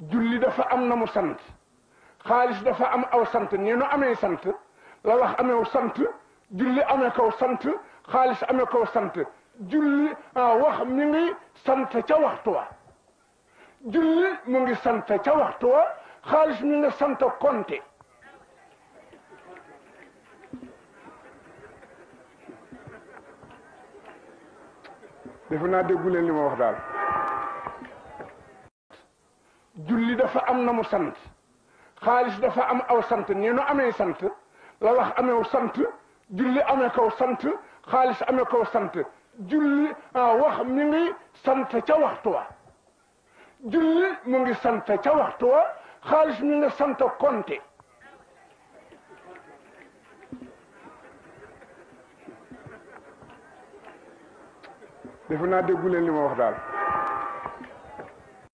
julli dafa am na mu sant xaalis dafa am aw sant nee nu amee sant la wax ameew sant julli amee kaw sant xaalis amee kaw sant julli wax mi ngi sant ca waxtu wa julli mu ngi sant ca waxtu wa xaalis mi ngi sant konte defe naa déggu li ma wax daal dafa am na mu sant xaalis dafa am aw sant nii nu amee sant la wax amew sant julli amee kaw sant xaalis amee kaw sant julli ah, wax mi ngi sant ca waxtu wa julli mu ngi sant ca waxtu wa xaalis mi ngi sant konte defe naa déggu leen li ma wax daal